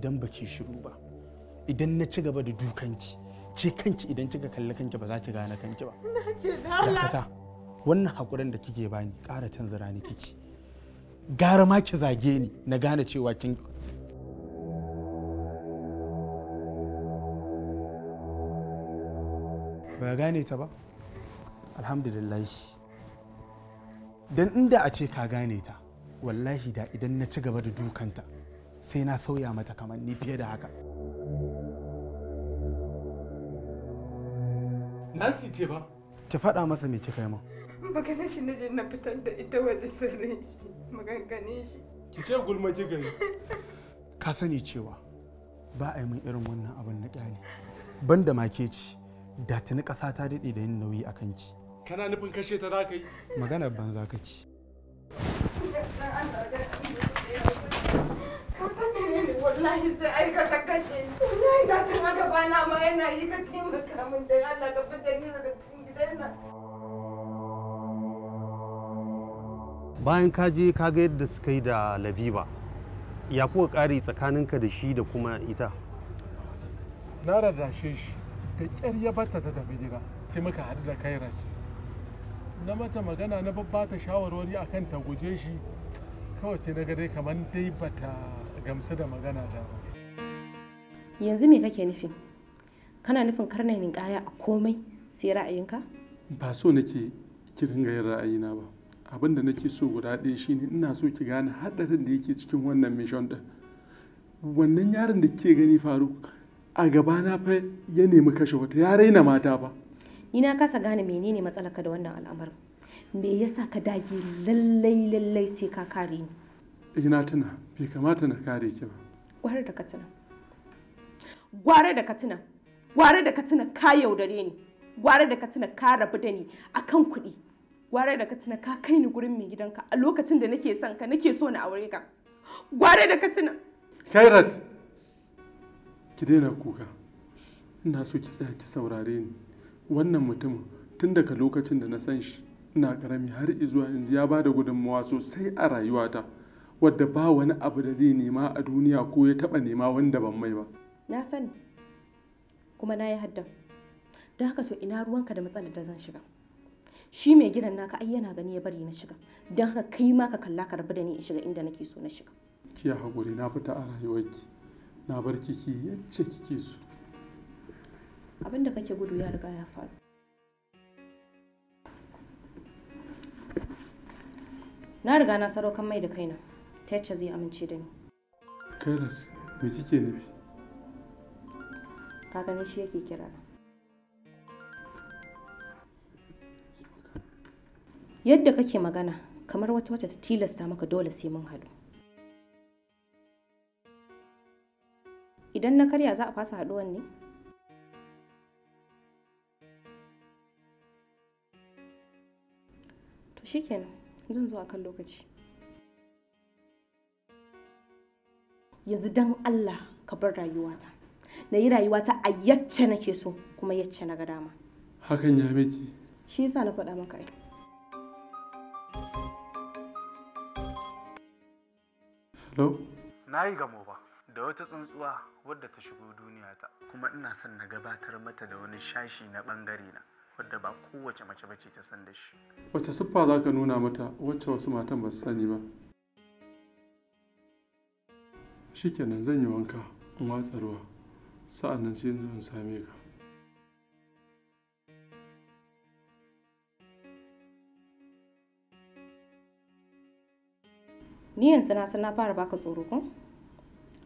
idan baki shiru ba idan na ci gaba da dukanki ce kanki idan kika kalli kanki ba za ki gane kanki ba dakata wannan hakurin da kike bani ƙara zira ni kiki gara ma ki zage ni na gane cewa kin ba gane ta ba alhamdulillah dan inda a ce ka gane ta wallahi da idan na ci gaba da dukanta sai na sauya mata kamar ni fiye da haka Nancy ce ba ki faɗa masa me kika yi min maganin shi na je na fitar da ita waje sirrin shi maganganin shi ki ce gulma ki gani. ka sani cewa ba a yi min irin wannan abin na ƙyale ban da make ci da tuni ƙasa ta daɗe da yin nauyi a kanki kana nufin kashe ta za ka yi maganar banza ka ci bayan ka je ka ga yadda suka yi da labiba ya kuwa ƙari tsakaninka da shi da kuma ita na rarrashe shi da ƙyar ya batta ta tafi gida sai muka hadu da kairat na mata magana na babba ta shawarwari akan ta guje shi kawai sai na dai kamar dai bata gamsu da magana ta yanzu me kake nufi kana nufin karna ninkaya a komai sai ra'ayinka ba so nake ki ringa yin ra'ayina ba abin da nake so guda ɗaya shine ina so ki gane haɗarin da yake cikin wannan mission ɗin wannan yaron da kike gani Faru a gabana fa ya nemi kashe wata ya raina mata ba ni na kasa gane menene matsalarka da wannan al'amarin me yasa ka dage lallai lallai sai ka kare ni ina tuna bai kamata na kare ki ba gware da katina gware da katina gware da katina ka yaudare ni gware da katina ka rabu da ni akan kuɗi gware da katina ka kai ni gurin mai gidanka a lokacin da nake son ka nake so na aure ka gware da katina khairat ki daina kuka ina so ki tsaya ki saurare ni wannan mutumin tun daga lokacin da na san shi ina karami har izuwa yanzu ya bada gudunmawa sosai a rayuwata wadda ba wani abu da zai nema a duniya ko ya taba nema wanda ban mai ba na sani kuma na yi haddan da haka to ina ruwanka da matsalar da zan shiga shi mai gidan naka ai yana gani ya bari na shiga don haka kai ma ka kalla ka rabu da ni in shiga inda nake so na shiga kiya hakuri na fita a rayuwarki na bar kiki yacce kike so abin da kake gudu ya riga ya faru na riga na kan mai da kaina ta zai amince da ni kairat me shi yake kira yadda kake magana kamar wata wata ta tilasta maka dole sai mun haɗu idan na karya za a fasa haɗuwan ne to shikenan zan zo a kan lokaci yanzu don Allah ka bar rayuwata na yi rayuwata a yacce nake so kuma yacce na ga dama hakan ya miki shi yasa na faɗa maka ai hello na yi gamo ba da wata tsuntsuwa wadda ta shigo duniya ta, kuma ina son na gabatar mata da wani shashi na ɓangare na wadda ba kowace mace bace ta san da shi wace siffa za ka nuna mata wacce wasu matan ba su sani ba shi shikenan zan yi wanka in watsa ruwa sa'an nan sai in same ka ni yanzu na san na fara baka tsoro ko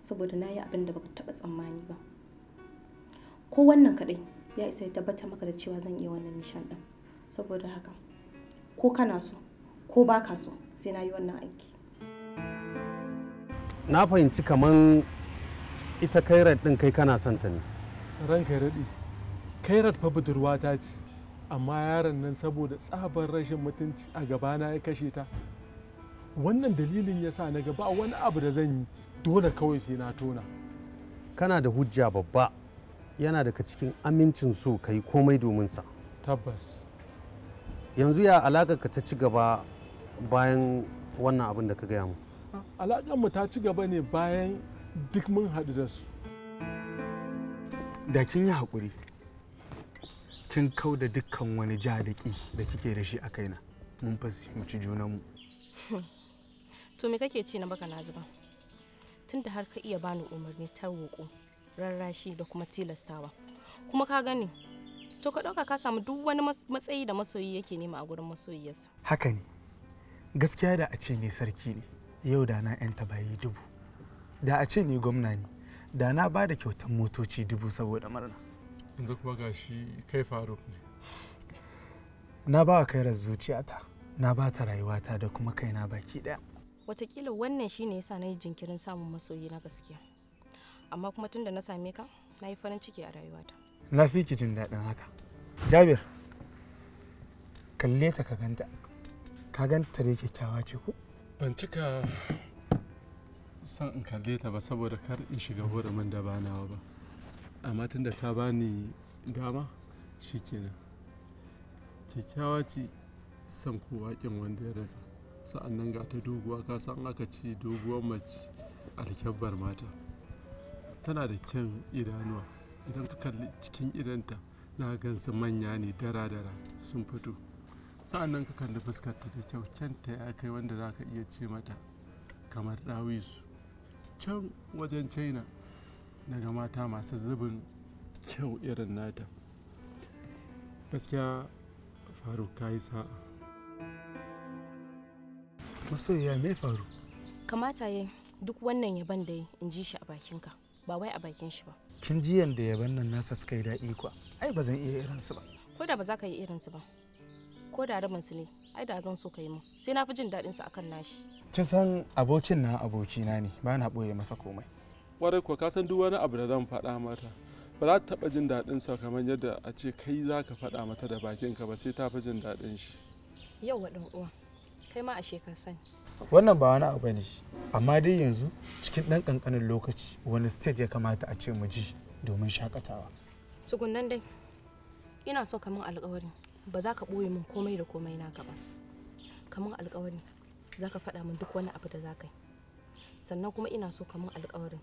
saboda na yi abin da baka taba tsammani ba ko wannan kadai ya isa ya tabbatar maka da cewa zan iya wannan nishan din saboda haka ko kana so ko baka so sai na yi wannan aiki na fahimci kaman ita kairat ɗin kai kana son ta ne ranka raɗi kairat fa budurwa ta ce amma yaron nan saboda tsabar rashin mutunci a gabana ya kashe ta wannan dalilin ya sa na ga ba wani abu da zan yi dole kawai sai na tona kana da hujja babba yana daga cikin amincin so ka yi komai domin sa tabbas yanzu ya alaƙa ka ta ci gaba bayan wannan abin da ka gaya mu mu ta ci gaba ne bayan duk mun haɗu da su da kin yi haƙuri kin kau da dukkan wani ja da da kike da shi a kaina mun fahimci junanmu to me kake ce na baka na zuba tun da har ka iya bani umarni ta roƙo rarrashi da kuma tilastawa kuma ka gani to ka ɗauka ka samu duk wani matsayi da masoyi yake nema a gurin masoyiyarsa haka ne gaskiya da a ce ne sarki ne yau da na 'yan bayi dubu da a ce ni gwamna ne da na ba da kyautar motoci dubu saboda murna yanzu kuma ga shi kai faruk ne na ba wa kairar zuciyata na ba ta rayuwata da kuma kai na baki daya watakila wannan shine yasa na yi jinkirin samun masoyi na gaskiya amma kuma tunda na same ka na yi farin ciki a rayuwata na fi ki jin daɗin haka jabir kalle ta ka ganta ka ganta da kyakkyawa ce ko ban cika san in kalle ta ba saboda kar in shiga horamin da ba ba amma tunda ta bani dama shikenan kyakkyawa ce san kowa wanda ya rasa sa'annan ga ta doguwa ka san aka ci doguwar mace alkyabbar mata tana da kyan idanuwa idan ka kalli cikin idanta za gan gansu manya ne dara-dara sun fito nan ka kalli fuskarta da kyau ta ya kai wanda za ka iya ce mata kamar dawisu can wajen china daga mata masu zubin kyau irin nata gaskiya faru ka yi sa'a masoyiya me faru kamata yi duk wannan yaban da in ji shi a bakinka ba wai a bakin shi ba kin ji yadda yaban nan nasa suka yi daɗi kuwa ai ba zan iya irinsu ba ko da ba za ka yi irinsu ba ko da rabin su ne ai da zan so ka yi min sai na fi jin daɗin su akan nashi kin san abokin na abokina ne ba na ɓoye masa komai kwarai ko ka san duk wani abu da zan faɗa mata ba za ta taɓa jin daɗin sa kamar yadda a ce kai za ka faɗa mata da bakinka ba sai ta fi jin daɗin shi yau wa ɗan uwa kai ma a ka sani wannan ba wani abu ne amma dai yanzu cikin ɗan ƙanƙanin lokaci wani state ya kamata a ce mu ji domin shakatawa tukunnan dai ina so kamar alƙawari ba za ka ɓoye min komai da komai naka ba kamar alkawari za ka faɗa min duk wani abu da za ka yi sannan kuma ina so kamar alkawarin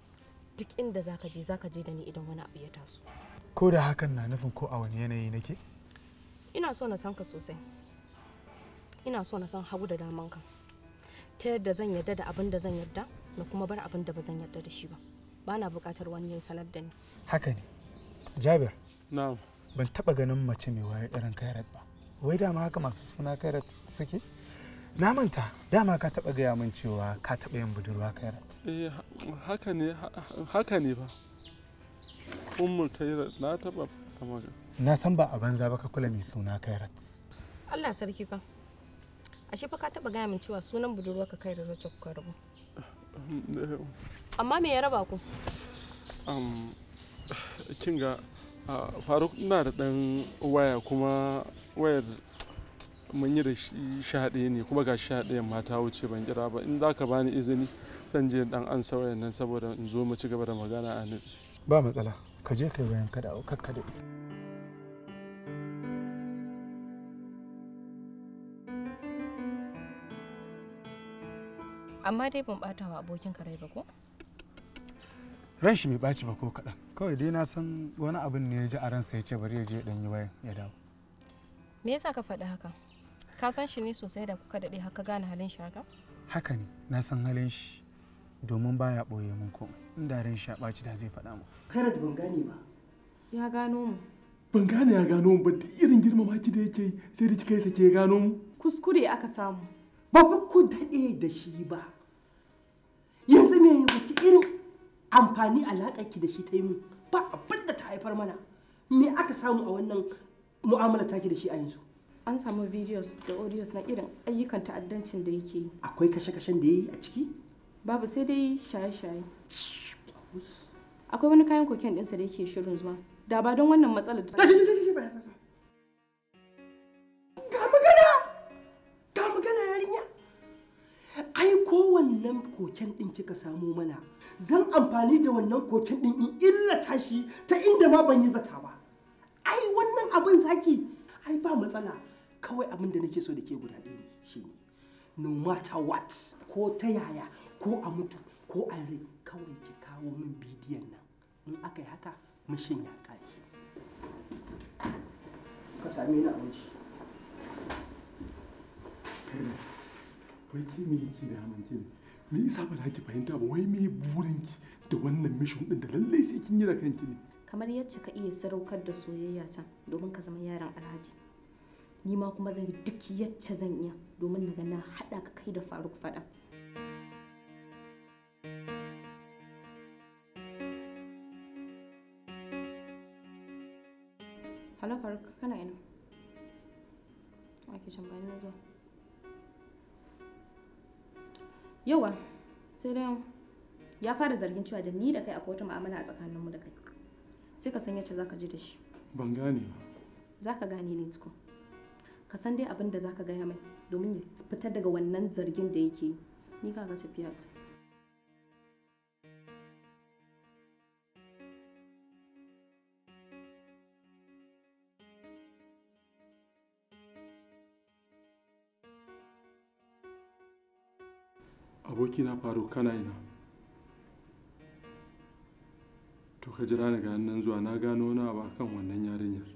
duk inda za ka je za ka je da ni idan wani abu ya taso ko da hakan na nufin ko a wani yanayi nake ina so na san ka sosai ina so na san hagu da daman ka ta yadda zan yarda da abin da zan yarda na kuma bar abin da ba zan yarda da shi ba ba na bukatar wani ya sanar da ni haka ne jabir na'am ban taba ganin mace mai wayar irin kairat ba wai dama haka masu suna kairat suke na manta dama ka taba gaya min cewa ka taba yin budurwa kairat eh haka ne ba ummul kairat na taba na san ba a banza ba ka kula mai suna kairat Allah sarki fa ashe fa ka taba gaya min cewa sunan budurwa ka kairat zai kuka rabu eh, amma me ya raba ku um kinga faruk ina da ɗan waya kuma wayar mun yi da sha ne kuma ga sha ɗaya mata wuce ban kira ba in za ka bani izini zan je dan an sauya nan saboda in zo mu ci gaba da magana a nutsi ba matsala ka je kai bayan kada au kakka da amma dai ban bata wa abokin karai ba ko ran shi mai ɓaci ba ko kaɗan kawai dai na san wani abin ne ya ji a ransa ya ce bari ya je dan yi wayan ya dawo me yasa ka faɗi haka ka san shi ne sosai da kuka daɗe haka gane halin shi haka haka ne na san halin shi domin baya ɓoye mun komai inda ran shi ya ɓaci da zai faɗa mu karat ban gane ba ya gano mu ban gane ya gano mu ba duk irin girmama ki da yake sai da kika yi sake gano mu kuskure aka samu ba ku daɗe da shi ba yanzu me wata irin amfani alaƙar ki da shi ta yi mu ba abin da ta haifar mana me aka samu a wannan mu'amala take da shi a yanzu an samu videos da audios na irin ayyukan ta'addancin da yake yi akwai kashe-kashen da ya yi a ciki babu sai dai shaye-shaye akwai wani kayan koken ɗinsa da yake shirin zuwa da ba don wannan matsalar da ga magana ga magana yarinya ai kowannen koken ɗin kika samo mana zan amfani da wannan koken din in illata shi ta inda ma ban yi zata ba ai wannan abin zaki ai ba matsala kawai abin da nake so da ke guda ɗaya ne ne no matter what ko ta yaya ko a mutu ko a rai kawai ki kawo min bidiyon nan in aka yi haka mishin ya ƙashi ka same ni abinci wai ke me yake da amincin me yasa ba ki fahimta ba wai me burinki da wannan mission din da lallai sai kin yi da kanki ne kamar yacce ka iya saraukar da soyayya ta domin ka zama yaron alhaji ni ma kuma zan yi duk yacce zan iya domin na ga na haɗa ka kai da faruk faɗa Hala Faruk kana ina? Ake can bayan Yawa, sai dai ya fara zargin cewa da ni da kai akwai wata mu'amala a tsakaninmu da kai sai ka san yacce zaka ji da shi ban gane ba zaka gane ne tuko ka san dai abin da zaka gaya mai domin ya fitar daga wannan zargin da yake yi ni ga tafiya ta abokina faru kana ina to ka jira ni ga nan zuwa na gano wani abu kan wannan yarinyar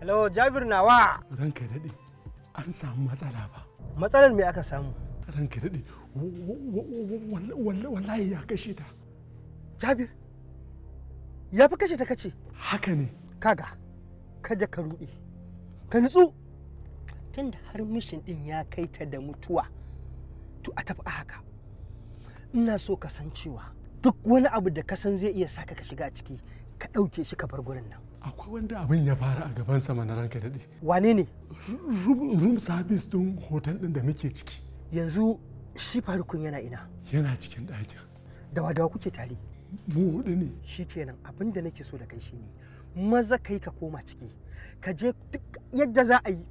Hello? Jabir Nawa. Ranka dade an samu matsala ba matsalar me aka samu ranka daɗe wallahi ya kashe ta jabir ya fi kashe ta kace haka ne kaga kaje ka ruɗe ka nutsu tunda har mishin ɗin ya kai ta da mutuwa to a tafi a haka ina so ka san cewa duk wani abu da ka san zai iya saka ka shiga ciki ka ɗauke shi ka bar gurin nan akwai wanda abin ya fara a gaban sama na ranka daɗe wane ne room service din hotel din da muke ciki yanzu shi farukun yana ina yana cikin ɗakin dawa dawa kuke tare mu hudu ne shikenan abin da nake so da kai shine maza kai ka koma ciki ka je duk yadda za a yi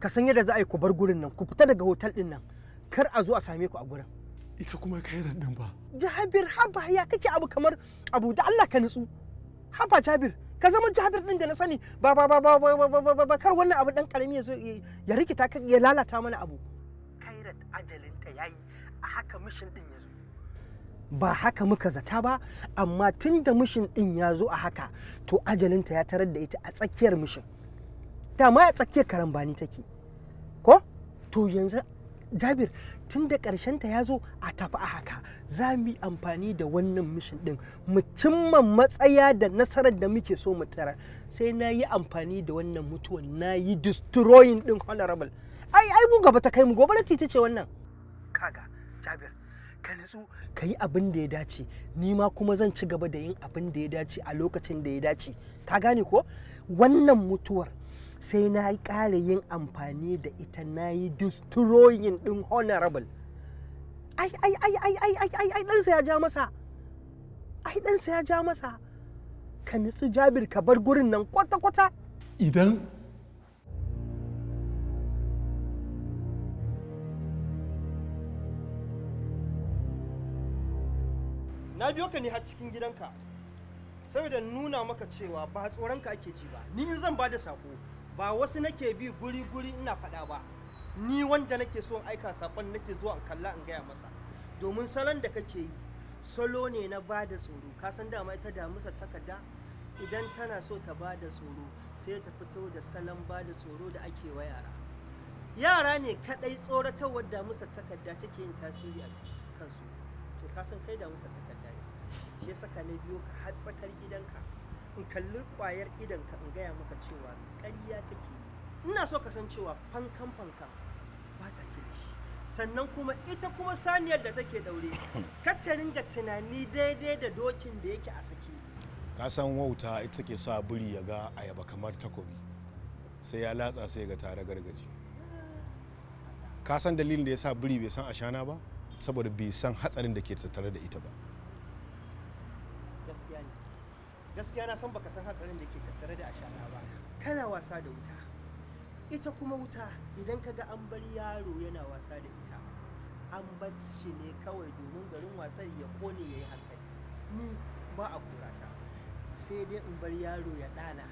ka san yadda za a yi ku bar gurin nan ku fita daga hotel din nan kar a zo a same ku a gurin ita kuma kairar din ba jabir haba ya kake abu kamar abu da Allah ka nutsu haba jabir ka zama jabir din da na sani ba ba ba ba ba ba ba kar wannan abu dan karami ya zo ya rikita ka ya lalata mana abu kairat ajalin ta yayi a haka mishin din ya zo ba haka muka zata ba amma tunda mishin din ya zo a haka to ajalin ta ya tarar da ita a tsakiyar mishin ta ma a tsakiyar karambani take ko to yanzu jabir tun da ta ya zo a tafi a haka za mu yi amfani da wannan mishin ɗin mu cimma matsaya da nasarar da muke so mu tsara sai na yi amfani da wannan mutuwar na yi destroying ɗin honorable ai ai mu gaba ta kai mu gobara ta ce wannan kaga jabir ka nutsu ka yi abin da ya dace ni ma kuma zan ci gaba da yin abin da ya dace a lokacin da ya dace ka gane ko wannan mutuwar sai na ƙara yin amfani da ita na yi destroying ɗin honorable ai ai ai ai ai ai ai ai ɗansa ya ja masa ai ɗansa ya ja masa ka nutsu jabir ka bar gurin nan kwata-kwata idan na biyo ka ne har cikin gidanka saboda nuna maka cewa ba tsoronka ake ji ba ni zan ba da sako ba wasu nake bi guri-guri ina faɗa ba ni wanda nake so aika saƙon nake zuwa in kalla in gaya masa domin salon da kake yi salo ne na ba da tsoro ka san dama ita damusa takarda idan tana so ta bada tsoro sai ta fito da salon bada tsoro da ake wa yara yara ne kaɗai tsoratarwar musa takarda take yin tasiri a kansu to ka san kai damusa takarda ne shi saka na biyo ka har tsakar gidanka in kalli kwayar ka in gaya maka cewa ƙarya take yi ina so ka san cewa fankan fankan ba ta shi sannan kuma ita kuma saniyar da take daure ta ringa tunani daidai da dokin da yake a sake ka san wauta ita take sa biri ya ga ayaba kamar takobi sai ya latsa sai ga tare gargaji ka san dalilin da ya sa biri bai san ashana ba saboda bai san hatsarin da ke tattare da ita ba gaskiya na san baka san hatsarin da ke tattare da ashana ba kana wasa da wuta ita kuma wuta idan ka ga an bar yaro yana wasa da ita an bar shi ne kawai domin garin wasan ya kone ya yi hankali ni ba a kurata sai dai in bar yaro ya ɗana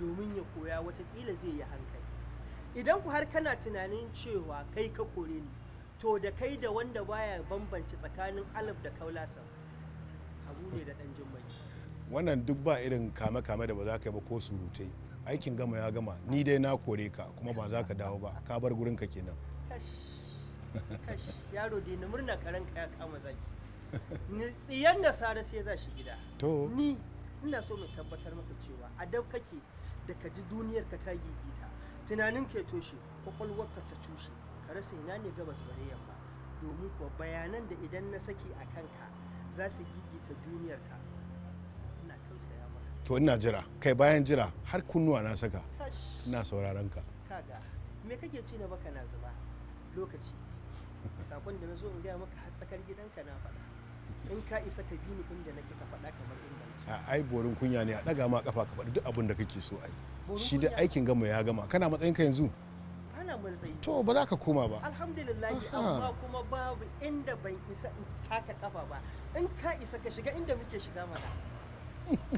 domin ya koya watakila zai yi hankali idan ku har kana tunanin cewa kai ka kore ni to da kai da wanda baya bambance tsakanin alif da kaulasan abu ne da ɗan jimmai wannan duk ba irin kame-kame da ba za ka yi ba ko surutai aikin gama ya gama ni dai na kore ka kuma ba za ka dawo ba ka bar gurin ka kenan yaro dai na murna karen ka kama zaki tsiyan da sare sai za shi gida to ni ina so mu tabbatar maka cewa a dab kake da ka ji duniyar ka ta gigita tunanin ka ya toshe kwakwalwar ka ta cushe ka rasa ina ne gabas bare yamma domin kuwa bayanan da idan na saki a kanka za su gigita duniyar ka to ina jira kai bayan jira har kunnuwa na saka ina sauraron ka kaga me kake ci na baka na zuba lokaci sakon da na zo in gaya maka har tsakar gidanka na faɗa in ka isa ka bi ni inda nake ka faɗa kamar inda na so ai borin kunya ne a ɗaga ma kafa ka faɗi duk abin da kake so ai shi da aikin gama ya gama kana matsayin ka yanzu ana matsayi to ba za ka koma ba alhamdulillah amma kuma babu inda ban isa in taka kafa ba in ka isa ka shiga inda muke shiga mana